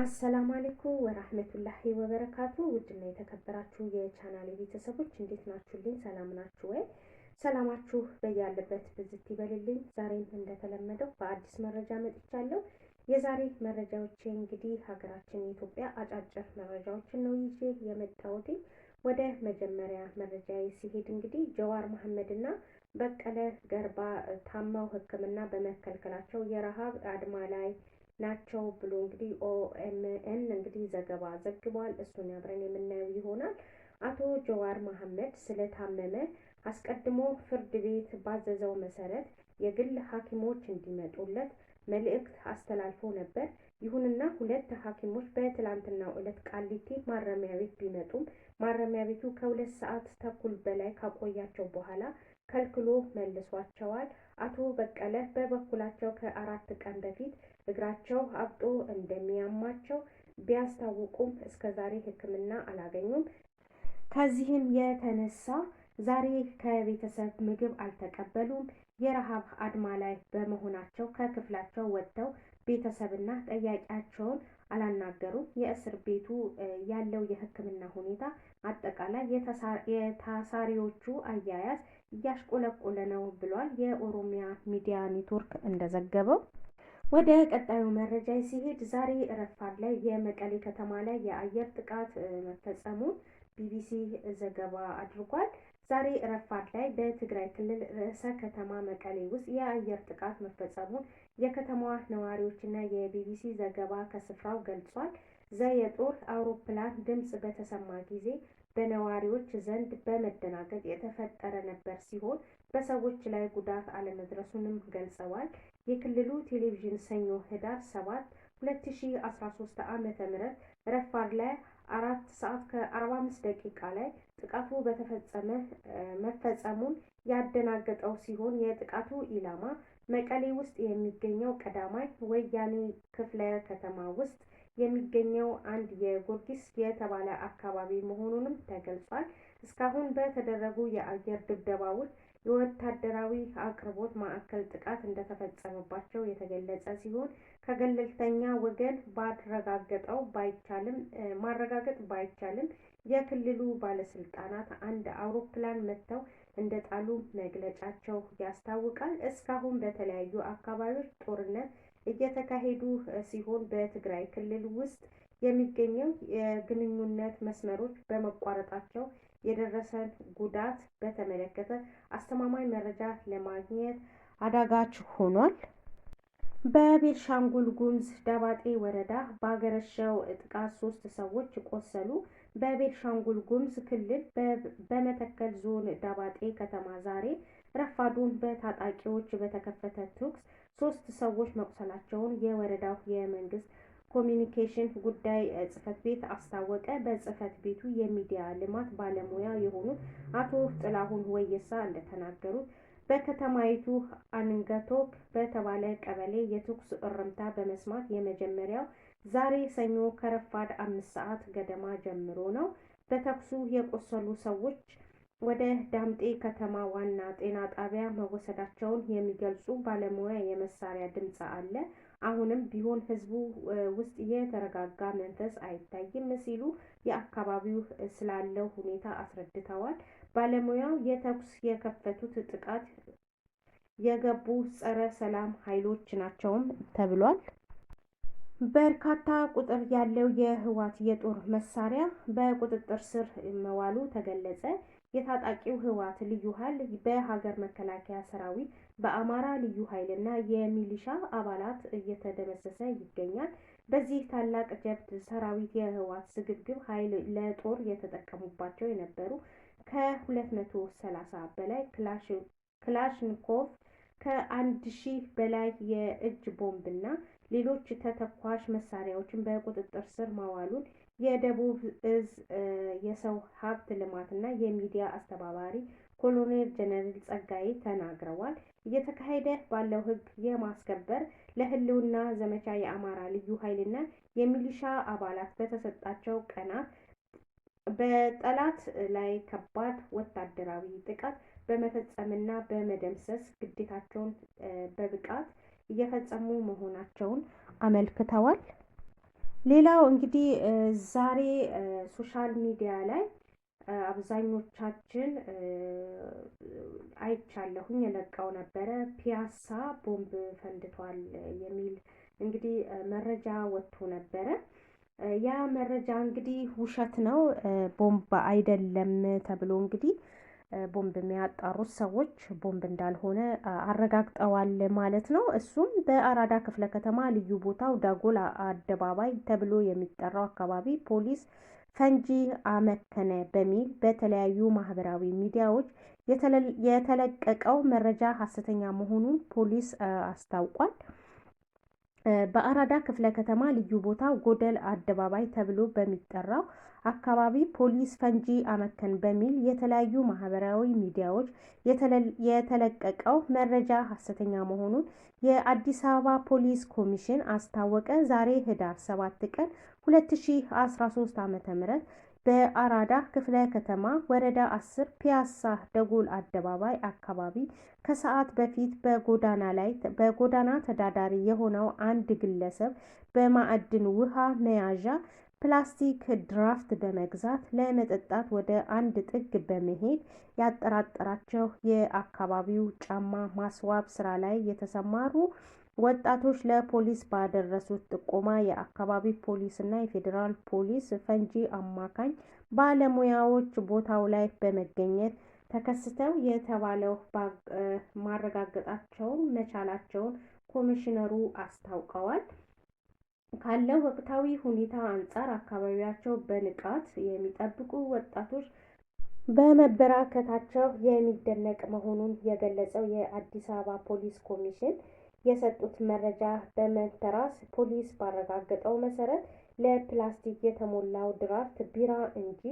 አሰላሙ አሌይኩም ወራህመቱላሂ ወበረካቱ። ውድና የተከበራችሁ የቻናሌ ቤተሰቦች እንዴት ናችሁልኝ? ሰላም ናችሁ ወይ? ሰላማችሁ በያለበት ብዝት ይበልልኝ። ዛሬም እንደተለመደው በአዲስ መረጃ መጥቻለሁ። የዛሬ መረጃዎች እንግዲህ ሀገራችን ኢትዮጵያ አጫጭር መረጃዎችን ነው ይዤ የመጣሁት። ወደ መጀመሪያ መረጃ ሲሄድ እንግዲህ ጀዋር መሐመድና በቀለ ገርባ ታማው ሕክምና በመከልከላቸው የረሃብ አድማ ላይ ናቸው ብሎ እንግዲህ ኦኤምኤን እንግዲህ ዘገባ ዘግቧል። እሱን አብረን የምናየው ይሆናል። አቶ ጀዋር መሐመድ ስለታመመ አስቀድሞ ፍርድ ቤት ባዘዘው መሰረት የግል ሐኪሞች እንዲመጡለት መልእክት አስተላልፎ ነበር። ይሁንና ሁለት ሐኪሞች በትላንትናው ዕለት ቃሊቲ ማረሚያ ቤት ቢመጡም ማረሚያ ቤቱ ከሁለት ሰዓት ተኩል በላይ ካቆያቸው በኋላ ከልክሎ መልሷቸዋል። አቶ በቀለ በበኩላቸው ከአራት ቀን በፊት እግራቸው አብጦ እንደሚያማቸው ቢያስታውቁም እስከዛሬ ሕክምና አላገኙም። ከዚህም የተነሳ ዛሬ ከቤተሰብ ምግብ አልተቀበሉም። የረሃብ አድማ ላይ በመሆናቸው ከክፍላቸው ወጥተው ቤተሰብና ጠያቂያቸውን አላናገሩም። የእስር ቤቱ ያለው የህክምና ሁኔታ አጠቃላይ የታሳሪዎቹ አያያዝ እያሽቆለቆለ ነው ብሏል። የኦሮሚያ ሚዲያ ኔትወርክ እንደዘገበው ወደ ቀጣዩ መረጃ ሲሄድ ዛሬ ረፋድ ላይ የመቀሌ ከተማ ላይ የአየር ጥቃት መፈጸሙን ቢቢሲ ዘገባ አድርጓል። ዛሬ ረፋድ ላይ በትግራይ ክልል ርዕሰ ከተማ መቀሌ ውስጥ የአየር ጥቃት መፈጸሙን የከተማዋ ነዋሪዎችና የቢቢሲ ዘገባ ከስፍራው ገልጿል። ዘየጦር አውሮፕላን ድምፅ በተሰማ ጊዜ በነዋሪዎች ዘንድ በመደናገጥ የተፈጠረ ነበር ሲሆን በሰዎች ላይ ጉዳት አለመድረሱንም ገልጸዋል። የክልሉ ቴሌቪዥን ሰኞ ህዳር 7 2013 ዓ.ም ረፋድ ላይ አራት ሰዓት ከ45 ደቂቃ ላይ ጥቃቱ በተፈጸመ መፈጸሙን ያደናገጠው ሲሆን የጥቃቱ ኢላማ መቀሌ ውስጥ የሚገኘው ቀዳማይ ወያኔ ክፍለ ከተማ ውስጥ የሚገኘው አንድ የጎርጊስ የተባለ አካባቢ መሆኑንም ተገልጿል። እስካሁን በተደረጉ የአየር ድብደባዎች የወታደራዊ አቅርቦት ማዕከል ጥቃት እንደተፈጸመባቸው የተገለጸ ሲሆን ከገለልተኛ ወገን ባረጋገጠው ባይቻልም ማረጋገጥ ባይቻልም የክልሉ ባለስልጣናት አንድ አውሮፕላን መጥተው እንደጣሉ መግለጫቸው ያስታውቃል። እስካሁን በተለያዩ አካባቢዎች ጦርነት እየተካሄዱ ሲሆን በትግራይ ክልል ውስጥ የሚገኘው የግንኙነት መስመሮች በመቋረጣቸው የደረሰን ጉዳት በተመለከተ አስተማማኝ መረጃ ለማግኘት አዳጋች ሆኗል። በቤልሻንጉል ጉምዝ ዳባጤ ወረዳ በአገረሸው ጥቃት ሶስት ሰዎች ቆሰሉ። በቤልሻንጉል ጉሙዝ ክልል በመተከል ዞን ዳባጤ ከተማ ዛሬ ረፋዱን በታጣቂዎች በተከፈተ ተኩስ ሶስት ሰዎች መቁሰላቸውን የወረዳው የመንግስት ኮሚኒኬሽን ጉዳይ ጽህፈት ቤት አስታወቀ። በጽህፈት ቤቱ የሚዲያ ልማት ባለሙያ የሆኑት አቶ ጥላሁን ወየሳ እንደተናገሩት በከተማይቱ አንገቶክ በተባለ ቀበሌ የተኩስ እርምታ በመስማት የመጀመሪያው ዛሬ ሰኞ ከረፋድ አምስት ሰዓት ገደማ ጀምሮ ነው። በተኩሱ የቆሰሉ ሰዎች ወደ ዳምጤ ከተማ ዋና ጤና ጣቢያ መወሰዳቸውን የሚገልጹ ባለሙያ የመሳሪያ ድምፅ አለ። አሁንም ቢሆን ህዝቡ ውስጥ የተረጋጋ መንፈስ አይታይም ሲሉ የአካባቢው ስላለው ሁኔታ አስረድተዋል። ባለሙያው የተኩስ የከፈቱት ጥቃት የገቡ ጸረ ሰላም ኃይሎች ናቸውም ተብሏል። በርካታ ቁጥር ያለው የህወሓት የጦር መሳሪያ በቁጥጥር ስር መዋሉ ተገለጸ። የታጣቂው ህወሓት ልዩ ኃይል በሀገር መከላከያ ሰራዊት በአማራ ልዩ ኃይልና የሚሊሻ አባላት እየተደመሰሰ ይገኛል። በዚህ ታላቅ ጀብድ ሰራዊት የህወሓት ስግብግብ ኃይል ለጦር የተጠቀሙባቸው የነበሩ ከ230 በላይ ክላሽንኮቭ ከአንድ ሺህ በላይ የእጅ እና ሌሎች ተተኳሽ መሳሪያዎችን በቁጥጥር ስር ማዋሉን የደቡብ እዝ የሰው ሀብት ልማትና የሚዲያ አስተባባሪ ኮሎኔል ጀነራል ጸጋይ ተናግረዋል። እየተካሄደ ባለው ህግ የማስከበር ለህልውና ዘመቻ የአማራ ልዩ ኃይልና የሚሊሻ አባላት በተሰጣቸው ቀናት በጠላት ላይ ከባድ ወታደራዊ ጥቃት በመፈጸምና በመደምሰስ ግዴታቸውን በብቃት እየፈጸሙ መሆናቸውን አመልክተዋል። ሌላው እንግዲህ ዛሬ ሶሻል ሚዲያ ላይ አብዛኞቻችን አይቻለሁኝ የለቀው ነበረ ፒያሳ ቦምብ ፈንድቷል የሚል እንግዲህ መረጃ ወጥቶ ነበረ። ያ መረጃ እንግዲህ ውሸት ነው፣ ቦምብ አይደለም ተብሎ እንግዲህ ቦምብ የሚያጣሩት ሰዎች ቦምብ እንዳልሆነ አረጋግጠዋል ማለት ነው። እሱም በአራዳ ክፍለ ከተማ ልዩ ቦታው ዳጎል አደባባይ ተብሎ የሚጠራው አካባቢ ፖሊስ ፈንጂ አመከነ በሚል በተለያዩ ማህበራዊ ሚዲያዎች የተለቀቀው መረጃ ሐሰተኛ መሆኑን ፖሊስ አስታውቋል። በአራዳ ክፍለ ከተማ ልዩ ቦታ ጎደል አደባባይ ተብሎ በሚጠራው አካባቢ ፖሊስ ፈንጂ አመከን በሚል የተለያዩ ማህበራዊ ሚዲያዎች የተለቀቀው መረጃ ሐሰተኛ መሆኑን የአዲስ አበባ ፖሊስ ኮሚሽን አስታወቀ። ዛሬ ህዳር 7 ቀን 2013 ም በአራዳ ክፍለ ከተማ ወረዳ 10 ፒያሳ ደጎል አደባባይ አካባቢ ከሰዓት በፊት በጎዳና ላይ በጎዳና ተዳዳሪ የሆነው አንድ ግለሰብ በማዕድን ውሃ መያዣ ፕላስቲክ ድራፍት በመግዛት ለመጠጣት ወደ አንድ ጥግ በመሄድ ያጠራጠራቸው የአካባቢው ጫማ ማስዋብ ስራ ላይ የተሰማሩ ወጣቶች ለፖሊስ ባደረሱት ጥቆማ የአካባቢ ፖሊስ እና የፌዴራል ፖሊስ ፈንጂ አማካኝ ባለሙያዎች ቦታው ላይ በመገኘት ተከስተው የተባለው ማረጋገጣቸውን መቻላቸውን ኮሚሽነሩ አስታውቀዋል። ካለው ወቅታዊ ሁኔታ አንጻር አካባቢያቸው በንቃት የሚጠብቁ ወጣቶች በመበራከታቸው የሚደነቅ መሆኑን የገለጸው የአዲስ አበባ ፖሊስ ኮሚሽን የሰጡት መረጃ በመንተራስ ፖሊስ ባረጋገጠው መሰረት ለፕላስቲክ የተሞላው ድራፍት ቢራ እንጂ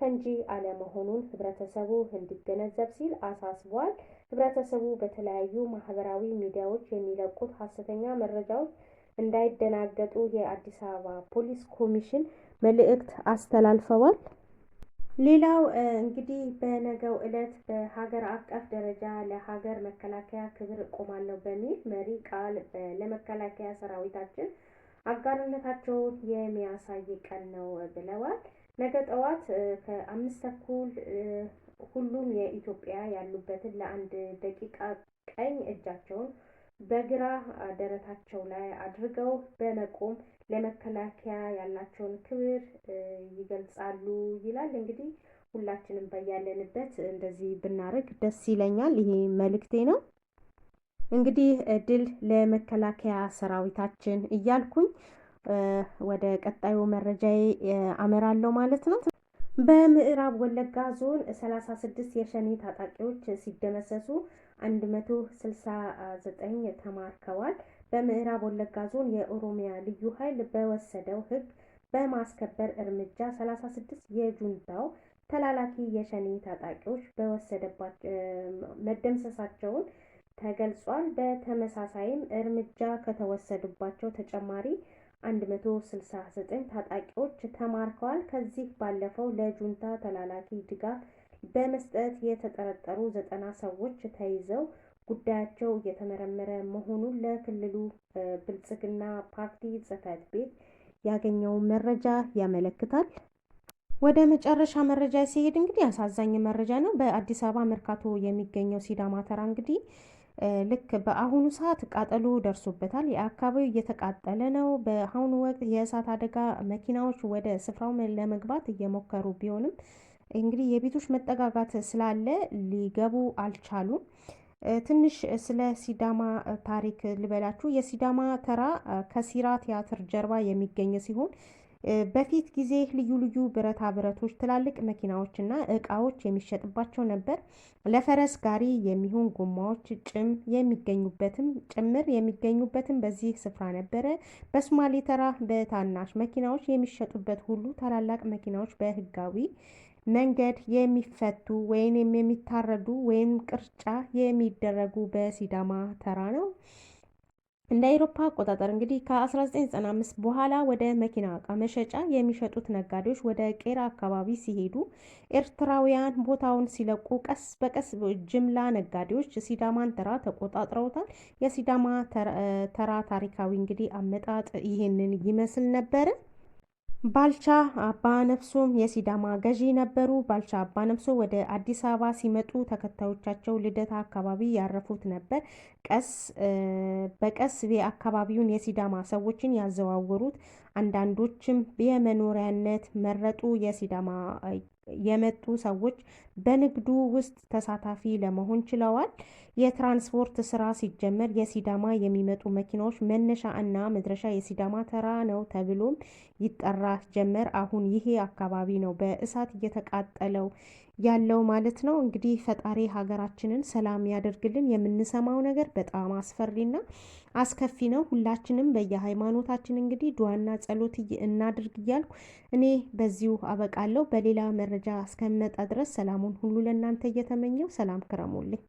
ፈንጂ አለመሆኑን ህብረተሰቡ እንዲገነዘብ ሲል አሳስቧል። ህብረተሰቡ በተለያዩ ማህበራዊ ሚዲያዎች የሚለቁት ሀሰተኛ መረጃዎች እንዳይደናገጡ የአዲስ አበባ ፖሊስ ኮሚሽን መልእክት አስተላልፈዋል። ሌላው እንግዲህ በነገው ዕለት በሀገር አቀፍ ደረጃ ለሀገር መከላከያ ክብር እቆማለሁ በሚል መሪ ቃል ለመከላከያ ሰራዊታችን አጋርነታቸውን የሚያሳይ ቀን ነው ብለዋል። ነገ ጠዋት ከአምስት ተኩል ሁሉም የኢትዮጵያ ያሉበትን ለአንድ ደቂቃ ቀኝ እጃቸውን በግራ ደረታቸው ላይ አድርገው በመቆም ለመከላከያ ያላቸውን ክብር ይገልጻሉ ይላል። እንግዲህ ሁላችንም በያለንበት እንደዚህ ብናደርግ ደስ ይለኛል። ይሄ መልእክቴ ነው። እንግዲህ እድል ለመከላከያ ሰራዊታችን እያልኩኝ ወደ ቀጣዩ መረጃዬ አመራለሁ ማለት ነው። በምዕራብ ወለጋ ዞን ሰላሳ ስድስት የሸኔ ታጣቂዎች ሲደመሰሱ 169 ተማርከዋል። በምዕራብ ወለጋ ዞን የኦሮሚያ ልዩ ኃይል በወሰደው ህግ በማስከበር እርምጃ 36 የጁንታው ተላላኪ የሸኔ ታጣቂዎች መደምሰሳቸውን ተገልጿል። በተመሳሳይም እርምጃ ከተወሰዱባቸው ተጨማሪ 169 ታጣቂዎች ተማርከዋል። ከዚህ ባለፈው ለጁንታ ተላላኪ ድጋፍ በመስጠት የተጠረጠሩ ዘጠና ሰዎች ተይዘው ጉዳያቸው እየተመረመረ መሆኑን ለክልሉ ብልጽግና ፓርቲ ጽህፈት ቤት ያገኘው መረጃ ያመለክታል። ወደ መጨረሻ መረጃ ሲሄድ እንግዲህ አሳዛኝ መረጃ ነው። በአዲስ አበባ መርካቶ የሚገኘው ሲዳማ ተራ እንግዲህ ልክ በአሁኑ ሰዓት ቃጠሎ ደርሶበታል። የአካባቢው እየተቃጠለ ነው። በአሁኑ ወቅት የእሳት አደጋ መኪናዎች ወደ ስፍራው ለመግባት እየሞከሩ ቢሆንም እንግዲህ የቤቶች መጠጋጋት ስላለ ሊገቡ አልቻሉም። ትንሽ ስለ ሲዳማ ታሪክ ልበላችሁ። የሲዳማ ተራ ከሲራ ቲያትር ጀርባ የሚገኝ ሲሆን በፊት ጊዜ ልዩ ልዩ ብረታ ብረቶች፣ ትላልቅ መኪናዎችና እቃዎች የሚሸጥባቸው ነበር። ለፈረስ ጋሪ የሚሆን ጎማዎች ጭም የሚገኙበትም ጭምር የሚገኙበትም በዚህ ስፍራ ነበረ። በሶማሌ ተራ በታናሽ መኪናዎች የሚሸጡበት ሁሉ ታላላቅ መኪናዎች በህጋዊ መንገድ የሚፈቱ ወይንም የሚታረዱ ወይም ቅርጫ የሚደረጉ በሲዳማ ተራ ነው። እንደ አውሮፓ አቆጣጠር እንግዲህ ከ1995 በኋላ ወደ መኪና እቃ መሸጫ የሚሸጡት ነጋዴዎች ወደ ቄራ አካባቢ ሲሄዱ ኤርትራውያን ቦታውን ሲለቁ ቀስ በቀስ ጅምላ ነጋዴዎች ሲዳማን ተራ ተቆጣጥረውታል። የሲዳማ ተራ ታሪካዊ እንግዲህ አመጣጥ ይህንን ይመስል ነበር። ባልቻ አባ ነፍሶም የሲዳማ ገዢ ነበሩ። ባልቻ አባ ነፍሶ ወደ አዲስ አበባ ሲመጡ ተከታዮቻቸው ልደታ አካባቢ ያረፉት ነበር። ቀስ በቀስ አካባቢውን የሲዳማ ሰዎችን ያዘዋወሩት አንዳንዶችም የመኖሪያነት መረጡ። የሲዳማ የመጡ ሰዎች በንግዱ ውስጥ ተሳታፊ ለመሆን ችለዋል። የትራንስፖርት ስራ ሲጀመር የሲዳማ የሚመጡ መኪናዎች መነሻ እና መድረሻ የሲዳማ ተራ ነው ተብሎም ይጠራ ጀመር። አሁን ይሄ አካባቢ ነው በእሳት እየተቃጠለው ያለው ማለት ነው። እንግዲህ ፈጣሪ ሀገራችንን ሰላም ያደርግልን። የምንሰማው ነገር በጣም አስፈሪና አስከፊ ነው። ሁላችንም በየሃይማኖታችን እንግዲህ ድዋና ጸሎት እናድርግ እያልኩ እኔ በዚሁ አበቃለሁ። በሌላ መረጃ እስከመጣ ድረስ ሰላሙን ሁሉ ለእናንተ እየተመኘው ሰላም ክረሙልኝ።